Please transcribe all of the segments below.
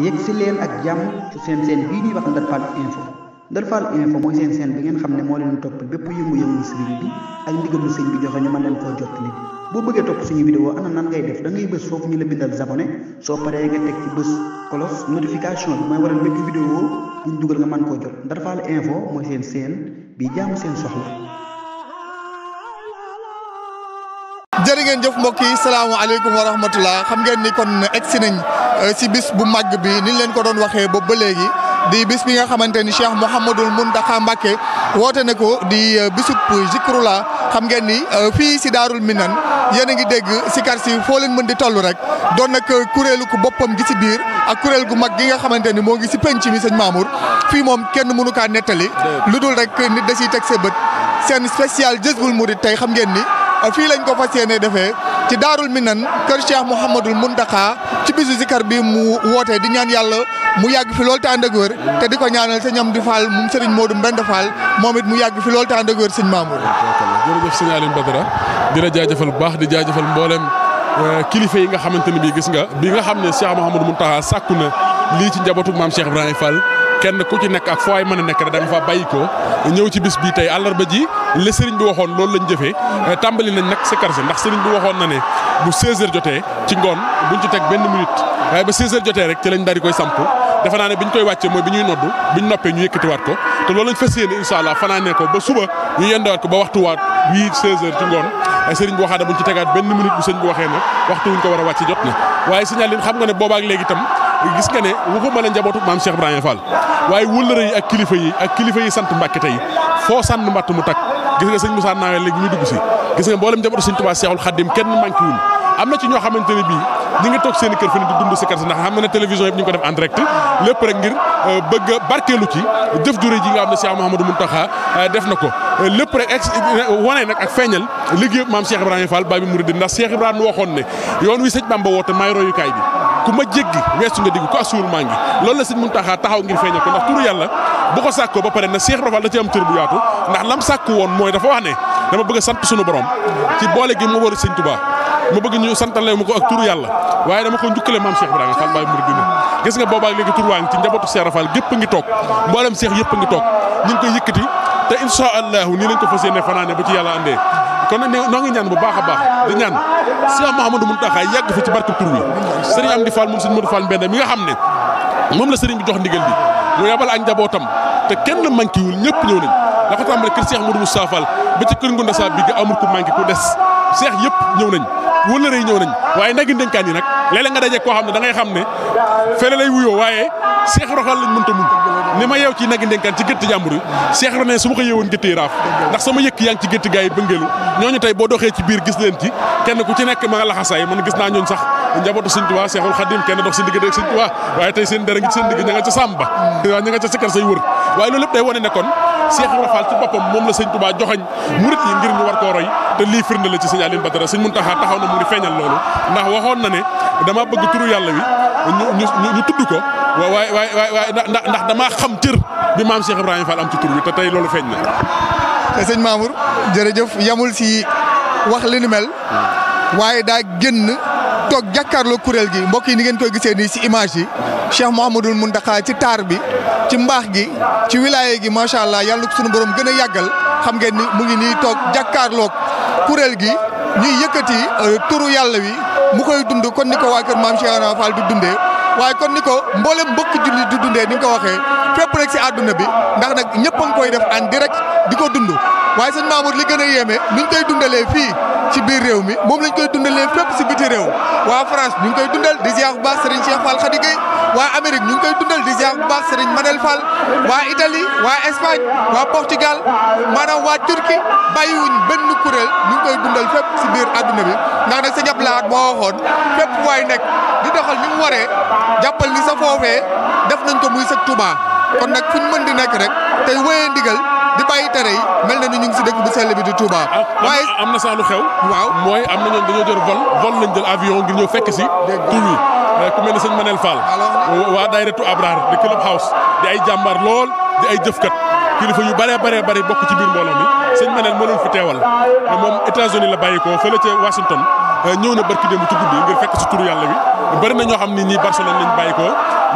yegg si leen ak jàmm ci seen seen bii ñuy wax Ndar Fall info Ndar Fall info mooy seen seen bi ngeen xam ne moo leen toppal bépp yëngu-yëngu sëriñ bi ak ndigalu sëñ bi joxe ñu mën leen koo jot nit boo bëggee topp suñu vidéo ana nan ngay def da ngay bës foofu ñu la bindal abonné soo paree nga teg ci bës kolos notification bi mooy waral bépp vidéo buñ dugal nga mën koo jot Ndar Fall info mooy seen seen bi jaamu seen soxla jërë ngeen jëf mbokk yi salaamaaleykum wa rahmatullah xam ngeen ni kon egg si nañ si euh, bis bu màgg bi niñ leen ko doon waxee boobu ba léegi di bis bi nga xamante ni Cheikh Mouhamadul Mountakha Mbacké woote na ko di euh, bisub Zikrullah xam ngeen ni euh, fii si Daarul Minan yéen a ngi dégg sikar si foo leen mën di toll rek doon nag kuréelu ku boppam gi ci biir ak kuréel gu mag gi nga xamante ni moo ngi si penc mi sëñ Mamour fii moom kenn mënu kaa nettali lu dul rek nit da siy teg sa bët seen spécial Jazboul Mouride tey xam ngeen ni fii lañ ko fas yéene defee ci daarul minan kër Cheikh Mouhamadul Mountakha ci bisu kar bi mu wootee di ñaan yàlla mu yàgg fi loolu te ànd ak wér te di ko ñaanal sëñ Amdi Fall moo Serigne Modou Mbende Fall moom it mu yàgg fi loolu te ànd ak wér sëñ Mamour. jërëjëf sëñ di la jaajëfal bu baax di jaajëfal mboolem euh, kilifa yi nga xamante ni bii gis nga bi nga xam ne Cheikh Mouhamadul Mountakha sàkku na lii ci njabootu maam Cheikh Ibrahima Fall. kenn ku ci nekk ak foo ay mën a nekk da nga faa bàyyi ko ñëw ci bis bii tey àllarba ji la sëriñ bi waxoon loolu lañ jëfee eh, tàmbali nañ nag sikkar si ndax sëriñ bi waxoon na ne bu 16h jotee ci ngoon buñ ci teg benn minute waaye eh, ba 16 jotee rek ci lañ daal koy samp defe naa ne biñ koy wàccee mooy bi ñuy noddu biñ noppee ñu yëkkatiwaat ko te loolu lañ fas yéene incha allah fanaanee ko ba suba ñu yendawaat ko ba waxtuwaat eh, bii bu sëriñ ne waxtu wuñ ko war a wàcc jot na waaye gis nga ne waxuma la njabootu maam Cheikh Ibrahima Fall waaye wëllëre yi ak kilifa yi ak kilifa yi sant Mbàkke tey foo sànn mbatt mu takk gis nga sëñ Moussa Nawel léegi ñu dugg si gis nga mboolem njabootu sëñ Tuubaa Seexul Xaddim kenn manqué wul am na ci ñoo xamante bii ñi ngi toog seen i kër fi ne di dund si kër si ndax xam na ne télévision yëpp ñu ngi ko def en direct lépp rek ngir euh, bëgg barkeelu ci jëf jure ji nga xam ne euh, na ko euh, lépp rek ex wane ak feeñal liggéey maam Cheikh Ibrahima Fall Baye Mouridine ndax Cheikh Ibrahima waxoon ne yoon wi sëñ Bamba bi ku ma jéggi weesu nga digg ko assuur maa ngi loolu la sëñ Muntaxa taxaw ngir feeñal ko ndax turu yàlla bu ko sàkkoo ba pare na Cheikh Rafal da ci am tur bu yaatu ndax lam sàkku woon mooy dafa wax ne dama bëgg a sant sunu borom ci boole gi mu wër sëñ Tuubaa ma bëgg ñu santale mu ko ak turu yàlla waaye dama ko njukkale maam Cheikh Ibrahima Fall Baye Mouride bi gis nga boobaak léegi tur ci njabootu Cheikh Rafal gépp ngi toog mboolem Cheikh yëpp kon nag noo ngi ñaan bu baax a baax di ñaan Cheikh Mouhamadou Mountakha yàgg fi ci barke tur wi sëriñ Amdi Fall moom sëriñ Modou Fall Mbenda mi nga xam ne moom la sëriñ bi jox ndigal bi mu yabal ak njabootam te kenn manqué wul ñëpp ñëw nañ dafa tàmbale kër Cheikh Modou Moustapha Fall ba ci kër Ngunda Sa bi nga ku manqué ku des Cheikh yëpp ñëw nañ wëllëre yi ñëw nañ waaye nag i ndénkaan yi nag léeg-léeg nga daje koo xam ne da ngay xam ne fële lay wuyoo waaye Cheikh Ibra Fall lañ mënta mun ni ma yeew ci nagi ndenkaan ci gétt jàmbur yi Cheikh Ibra ne su ma ko yeewoon gétt yi raaf ndax sama yëkk yaa ci gétt gaa bëngeelu ñooñu tey boo doxee ci biir gis leen ci kenn ku ci nekk ma nga laxasaay man gis naa ñooñ sax njabootu Sëñ Tuubaa Seexul Xadim kenn dox seen digg ak Sëñ Tuubaa waaye tey seen dara ngi seen digg ña ca Samba waaw ña nga ca sikkar say wër waaye loolu lépp day wane ne kon la ñu ñu tudd ko waaye waaye waaye ndax damaa xam cër bi maam Cheikh Ibrahima Fall am ci tur bi te tey loolu feeñ na. sëñ Mamour jërëjëf yamul si wax li ni mel. waaye daa génn toog jàkkaarloo kuréel gi mbokk yi ni ngeen koy gisee nii si image yi. Cheikh Mouhamadul Mountakha ci taar bi ci mbaax gi ci wilaya gi macha allah yàlla sunu borom gën yàggal xam ngeen mu ngi nuy toog jàkkaarloog kuréel gi ñuy yëkkati euh, turu yàlla wi. mu koy dund kon ni ko waa kër maam Cheikh Ibra di dundee waaye kon ni ko mboolem mbokk julli di dundee ni nga ko waxee fépp rek si àdduna bi ndax nag ñëpp a ngi koy def en direct di ko dund waaye sëñ Mamour li gën a yéeme nuñ koy dundalee fii ci biir réew mi moom lañ koy dundalee fépp si biti réew waa France ñu ngi koy dundal di ziar bu baax Serigne Cheikh Fall Khady Gueye waa Amérique ñu ngi koy dundal di ziar bu baax Serigne Manel Fall waa Italie waa Espagne waa Portugal maanaam waa Turquie bàyyiwuñ benn kuréel ñu ngi koy dundal fépp si biir adduna bi ndax nag sa ñëpp laat moo waxoon fépp waay nekk di doxal ni mu waree jàppal ni sa foofee def nañ ko muy sëg Touba kon nag fu ñu mën di nekk rek tey wéyee ndigal di bàyyi tere yi mel na ni ñu ngi si dëkk bu sell bi di Touba. Ah, waaye am na saa lu xew. waaw mooy am na ñoom dañoo jël vol vol jël avion ngir ñëw fekk si. ku mel ni sëñ Manel Fall waa daayiratu Abraar di club house di ay jàmbaar lool di ay jëfkat kilifa yu bëree bëree bëri bokk ci biir mbooloo mi sëñ Manel moo fi teewal moom États-Unis la bàyyi ko fële ca Washington eh, ñëw na barki ci guddi ngir fekk si turu yàlla wi bëri na ñoo xam ni ñii Barcelone lañ bàyyi ko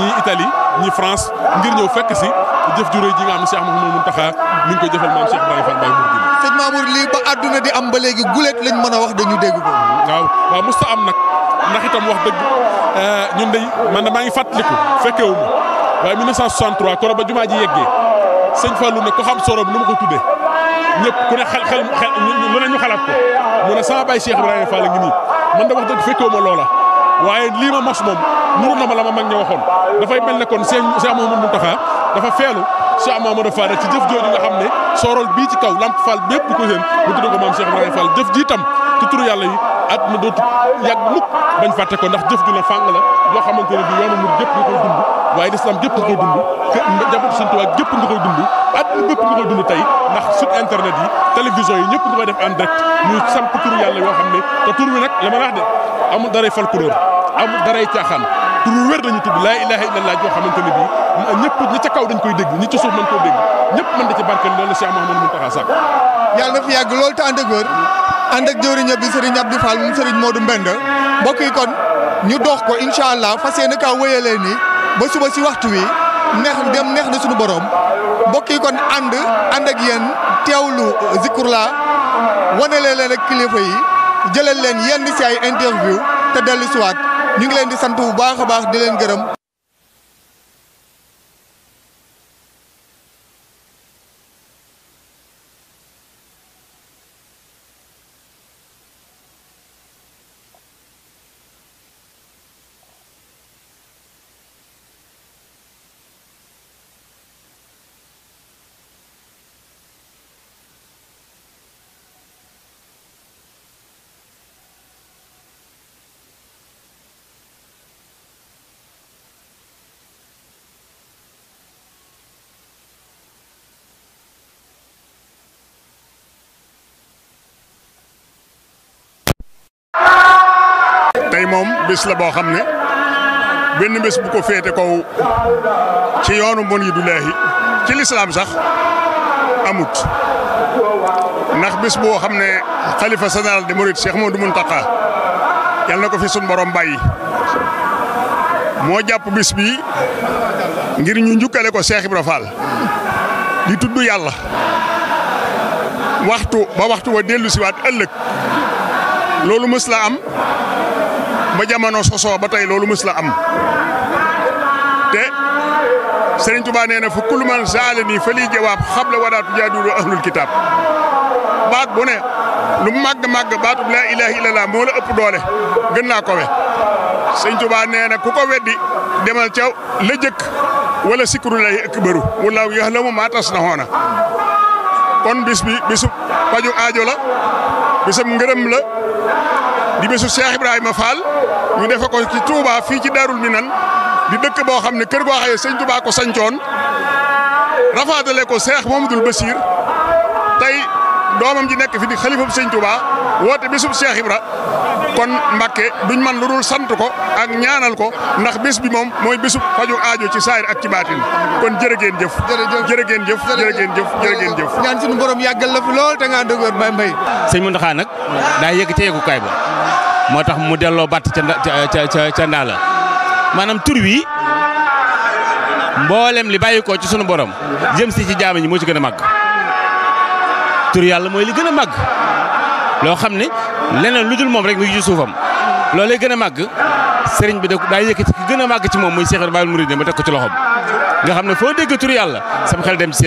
ñii Italie ñii France ngir ñëw fekk si jëf ju ji nga xam ne Cheikh Mouhamadou Mountakha mi ngi koy jëfal maam Cheikh Ibrahima Fall lii ba àdduna di am ba léegi gulet lañ a wax ndax itam wax dëgg ñun day man maa ngi fàttaliku fekkewu ma waaye 1963 koro ba jumaa ji yeggee sëñ Fallou ne ko xam soro bi nu ma ko tuddee ñëpp ku ne xel xel xel lu ne ñu xalaat ko mu ne sama baay Cheikh Ibrahima Fall ngi nii man da wax dëgg fekkewu ma loola waaye lii ma mos moom nuru na ma la ma mag ña waxoon dafay mel ne kon sëñ Cheikh Mamadou Moustapha dafa feelu Cheikh Mamadou Fall ci jëf jooju nga xam ne sorol bii ci kaw Lamp Fall bépp ko seen mu tudd ko maam Cheikh Ibrahima Fall jëf ji itam ci turu yàlla yi àdduna dootu yàgg mukk bañ fàtte ko ndax jëf ju la fàng la loo xamante ne bi yoonu mu gépp nga dund waaye lislaam gépp nga dund jabot Sëñ Tuubaa gépp dund àdduna bépp nga koy dund tey ndax site internet yi télévision yi ñëpp nga def en direct ñuy samp tur yàlla yoo xam ne te tur wi nag la ma wax de amul daray folklore amul daray caaxaan tur wu wér dañu tudd laa ilaha illallah joo xamante ne bii ñëpp ñi ca kaw dañ koy dégg ñi ca suuf da la Cheikh Mouhamadou Mountakha Sakho yàlla na fi yàgg loolu te ànd ak wér ànd ak jëwriñ bi Serigne Abdou Fall moom Serigne Modou Mbenda mbokk yi kon ñu dox ko incha allah fas yéene kaa wéyalee nii ba suba si waxtu wi neex dem neex na suñu borom mbokk yi kon ànd ànd ak yéen teewlu Zikrullah wanalee leen ak kilifa yi jëlal leen yenn si ay interview te dellu siwaat ñu ngi leen di sant bu baax a baax di leen gërëm. moom bis la boo xam ne benn bés bu ko féete kaw ci yoonu mbon yi du laahi ci lislaam sax amut ndax bis boo xam ne xalifa général des mourides Cheikh Modou Mountakha yal na ko fi sun borom bàyyi moo jàpp bis bi ngir ñu njukkale ko Cheikh Ibra di tudd yàlla waxtu ba waxtu wa dellu siwaat ëllëg loolu mës la am ba jamono sosoo ba tey loolu mës la am te Serigne Touba nee na fu kullu man saalani fa lii jawaab xabla wadaatu jaadulu ahlul kitaab baat bu ne lu màgg màgg baatub laa ilaaha illallah moo la ëpp doole gën laa ko we Serigne Touba nee na ku ko weddi demal caw la jëkk wala sikru lay akbaru wallaahu yaxlamu maa tasnahoona kon bis bisu paju aajo la bisam ngërëm la. di bésu Cheikh Ibrahima Fall ñu defe ko ci Touba fii ci Darul Minan di dëkk boo xam ne kër goo xaye sëñ Touba ko sancoon rafaatale ko Cheikh Mamadul Basir tey doomam ji nekk fi di xalifam sëñ Touba woote bésub Cheikh Ibra kon Mbàkke duñ man lu dul sant ko ak ñaanal ko ndax bés bi moom mooy bésub faju aajo ci saayir ak ci baatin kon jërë ngeen jëf jërë ngeen jëf jërë ngeen jëf jërë ngeen jëf ñaan suñu borom yàggal la fi lool te nga dëgër bay mbay sëñ Muntaxa nag daa yëg ca yëgukaay ba moo tax mu delloo bàtt ca ca ca ca ndaa la maanaam turi wi mboolem li bàyyi ko ci sunu borom jëm si ci jaam ñi moo ci gën a màgg tur yàlla mooy li gën a màgg loo xam ne leneen lu dul moom rek mi ngi ci suufam loolee gën a màgg sëriñ bi da daa yëkkati ki gën a màgg ci moom muy Cheikh Ibrahima Mouride mu teg ko ci loxoom nga xam ne foo dégg tur yàlla sam xel dem ci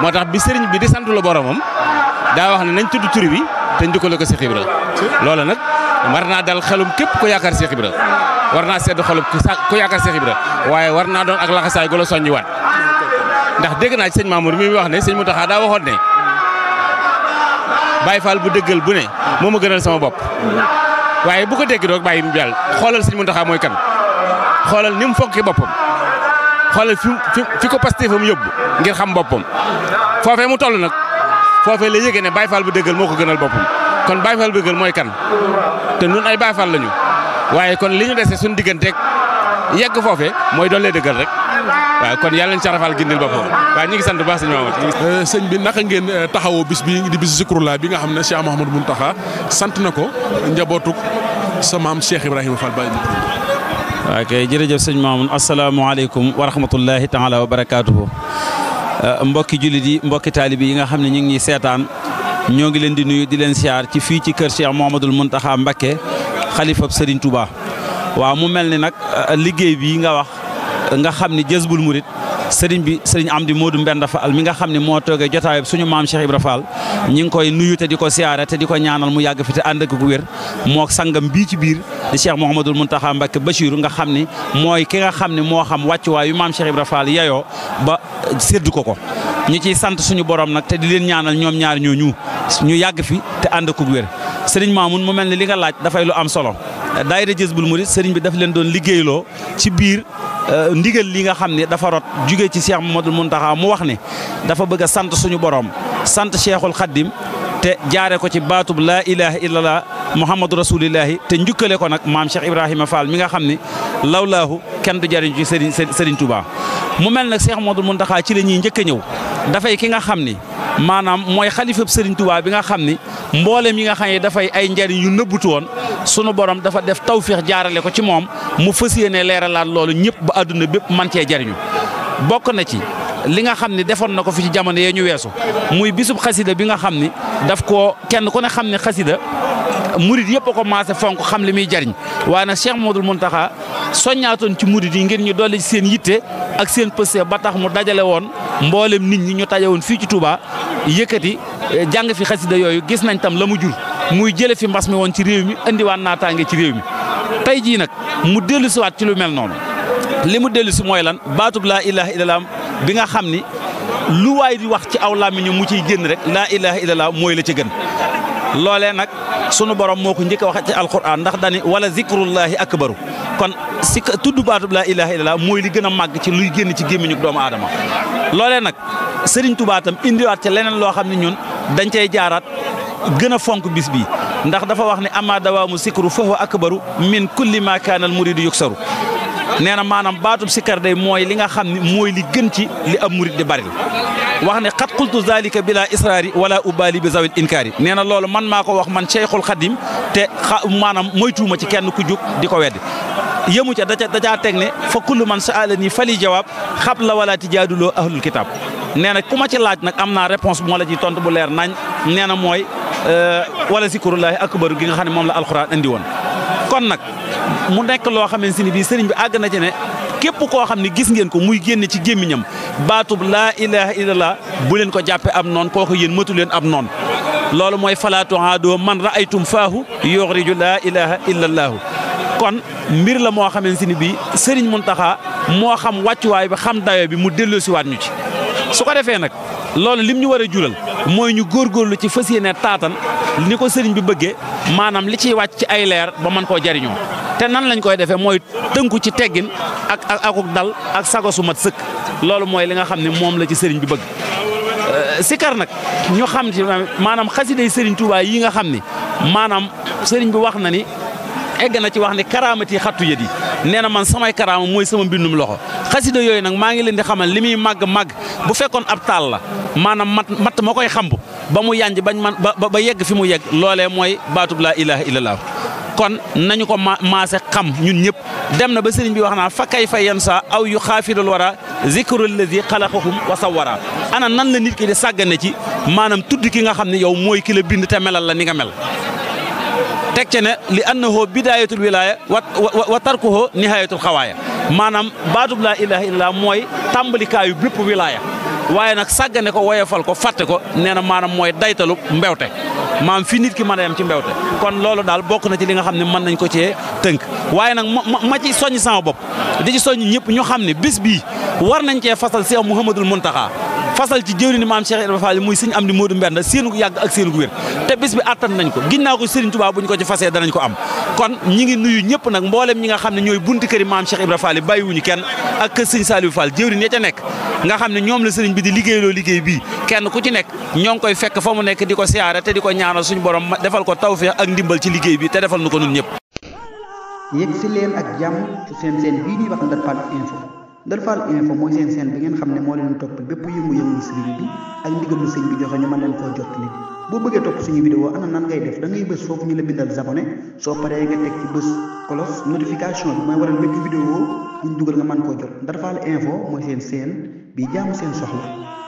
moo tax bi sëriñ bi di sant la boromam daa wax ne nañ tudd turi bi te njukkale ko Cheikh Ibra nag Warna dal xelum koyakar ku yakar Cheikh Ibra warna koyakar sedd xelum ku yakar Cheikh Ibra waaye war naa doon ak laxasaay gu la wat ndax dégg na seigne Mamour mi wax ne seigne moutakha da waxone ne Baye Fall bu dëggal bu ne moma gënal sama bop waye bu ko deg doog baye mu jàll xolal seigne moutakha moy kan xolal nim fonki boppam fi fi ko pastéefam yóbbu ngir xam bopam fofé mu toll nak fofé la yegene Baye Fall bu dëggal moko gënal bopam kon Baye Fall bëggal mooy kan te nun ay Baye Fall lañu waye kon liñu déssé suñu digënté yegg fofé moy dolé dëggal rek waye kon yàlla nañu carafal gindil bopam waye ñi ngi sant ba baax sëñ Mamadou sëñ bi naka ngeen taxawoo bis bi di bis zikrullah bi nga xamné Cheikh Mouhamadou muntaha sant nako njabotuk sa mam Cheikh ibrahim Fall Baye ak kay jërëjëf sëñ assalamu alaykum wa rahmatullahi taala wa barakatuh mbokki julit yi mbokki taalibi yi nga xam ne ñu ngi ñuy ñoo ngi leen di nuyu di leen siyaar ci fii ci kër Cheikh Mouhamadul Mountakha Mbacké xalifab Serigne Touba waaw mu mel ni nag euh, liggéey bii nga wax nga xam ni jësbul murit sëriñ bi sëriñ Amdi Modou Mbenda Fall mi nga xam ne moo toogee jotaay suñu maam Cheikh Ibra Fall ñi ngi koy nuyu te di ko siyaare te di ko ñaanal mu yàgg fi te ànd ak ku wér moo sangam bii ci biir di Cheikh Mouhamadul Mountakha Mbacké Bachirou nga xam ne mooy ki nga xam ne moo xam wàccuwaay yu maam Cheikh Ibra Fall yeyoo ba séddu ko ko ñu ciy sant suñu borom nag te di leen ñaanal ñoom ñaar ñooñu ñu yàgg fi te ànd ko wér sëriñ Mamoun mu mel ni li nga laaj dafay lu am solo daayira Jazbul Murid sëriñ bi daf leen doon liggéeyloo ci biir euh, ndigal li nga xam ne dafa rot jugee ci Cheikh Mamadou Mountakha mu wax ne dafa bëgg a sant suñu boroom sant Cheikhul Khadim te jaare ko ci baatub laa ilaha illallah muhammadu rasulillahi te njukkale ko nag maam Cheikh Ibrahima Fall mi nga xam ne lawlaahu kenn du jariñ ci Serigne Serigne Touba mu mel nag Cheikh njëkk a ñëw maanaam mooy xalifab Serigne Touba bi nga xam ni mboolem yi nga xam ne dafay ay njariñ yu nëbbutu woon sunu borom dafa def tawféex jaarale ko ci moom mu fas yéene leeralaat loolu ñëpp ba àdduna bépp man cee jariñu bokk na ci li nga xam ne defoon na ko fi ci jamono yee ñu weesu muy bisub xasida bi nga xam ni daf ko kenn ku ne xam ne xasida murid yëpp a ko maase fonk xam li muy jariñ waaye nag Cheikh Modou Mountakha soññaatoon ci murid yi ngir ñu dolli seen ak seen pëste ba tax mu dajale woon mboolem nit ñi ñu taje woon fii ci Touba yëkkati eh, jàng fi xasida yooyu gis nañ tam la mu jur muy jële fi mbas mi woon ci réew mi indiwaat naataange ci réew mi tey jii nag mu dellu siwaat ci lu mel noonu li mu dellu si mooy lan baatub laa ilaha illallah bi nga xam ni lu di wax ci aw làmmiñu mu ciy génn rek laa ilaha mooy la ci gën loolee nag sunu borom moo ku njëkk wax ci alquran ndax dani wala ak akbaru kon si tudd baatub laa ilaaha illallah mooy li gën a màgg ci luy génn ci gémmiñu doomu aadama loolee nag sëriñ Tuubaa tam indiwaat ci leneen loo xam ne ñun dañ cay jaaraat gën a fonk bis bi ndax dafa wax ne ama dawaamu sikru fa ak baru min kulli ma kaana al muridu yuksaru nee na maanaam baatub sikkar day mooy li nga xam ne mooy li gën ci li ab murid di bari wax ne xat qultu zalika bila israari wala ubali bi zawil inkaari nee na loolu man maa ko wax man cheikhul xadim te xa maanaam moytuuma ci kenn ku jóg di ko weddi yëmu ca da ca da caa teg ne fa kullu man saalani fali jawaab xab la wala tijaaduloo ahlul kitaab nee na ku ma ci laaj nag am naa réponse bu la ci tontu bu leer nañ nee na mooy euh, wala zikrullaahi akbar gi nga xam ne moom la alxuraan andi woon. kon nag mu nekk loo xamante si ni bii sëriñ bi àgg na ci ne képp koo xam ni gis ngeen ko muy génne ci gémmiñam baatub laa ilaaha illallah bu leen ko jàppe am noon kooku yéen matu leen am noon loolu mooy falaatu haadoo man ra'aytum faahu yuxriju laa ilaaha kon mbir la moo xamante ni bii Serigne Mountakha moo xam wàccuwaay bi xam dayo bi mu delloosiwaat ñu ci. su ko defee nag loolu lim ñu war a jural mooy ñu góor góorgóorlu ci fas yéene taatan ni ko sëriñ bi bëggee maanaam li ciy wàcc ci ay leer ba man koo jariñoo te nan lañ koy defee mooy tënku ci teggin ak ak akuk dal ak sago su sëkk loolu mooy li nga xam ne moom la ci sëriñ bi bëgg. Euh, sikar nag ñu xam maanaam xasiday Serigne Touba yi nga xam ni maanaam Serigne bi wax na ni egg ci wax ni karamati xattu yedi neena man samay karaama moy sama bindum loxo khassida yoy nak ma ngi len di xamal limi mag mag bu fekkon ab taal la manam mat matt ma koy xamb ba mu yànj bañ man ba yegg fi mu yegg lolé moy baatub la ilaha illallah kon nañu ko masé xam ñun ñep dem na ba sëriñ bi waxna fa kayfa yansa aw yu xaafirul wara zikrul lazi khalaqahum wa sawara ana nan la nit ki di sagane ci manam tuddi ki nga xamni yow moy ki la bind te melal la ni nga mel teg ci ne li annahu bidayatul wilaya wa wa tarkuhu nihayatul xawaaya maanaam baatub laa ilaha illallah mooy tàmbalikaayu bépp wilaya waaye nag sàggane ko woyofal ko fàtte ko nee na maanaam mooy daytalu mbewte maam fi nit ki mën a yem ci mbewte kon loolu daal bokk na ci li nga xam ne mën nañ ko cee tënk waaye nag ma ma ci soññ sama bopp di ci soññ ñëpp ñu xam ne bis bii war nañ cee fasal Seex Muhammadul taxaa fasal ci jëwriñ maam Cheikh Ibrahima Fall muy sëñ am di Modou Mbenda seenu yàgg ak seenu wér te bis bi attan nañ ko ginnaaw ko Serigne Touba ko ci fasee danañ ko am kon ñi ngi nuyu ñëpp nag mboolem ñi nga xam ne ñooy bunti këri maam Cheikh Ibrahima Fall bàyyiwuñu kenn ak kër sëñ Saliou Fall jëwriñ nekk nga xam ne ñoom la sëriñ bi di liggéeyloo liggéey bi kenn ku ci nekk ñoo ngi koy fekk fa mu nekk di ko siyaare te di ko ñaanal suñu borom defal ko tawfeex ak liggéey bi te defal nu ko nun ñëpp yegg si leen ak jàmm ci seen dal fal Info moy seen seen bi ngeen xam ne moo leen topp bépp yëngu-yëngu sëriñ bi ak ndigalu sëñ bi joxe ñu man leen ko jot jottali boo bëgge top suñu vidéo ana nan ngay def da ngay bëss fofu ñu la bindal abonné so paré nga tek ci bëss kolos notification bi mooy waral bépp vidéo buñ duggal nga man ko jot dal fal Info moy seen seen bi jaamu seen soxla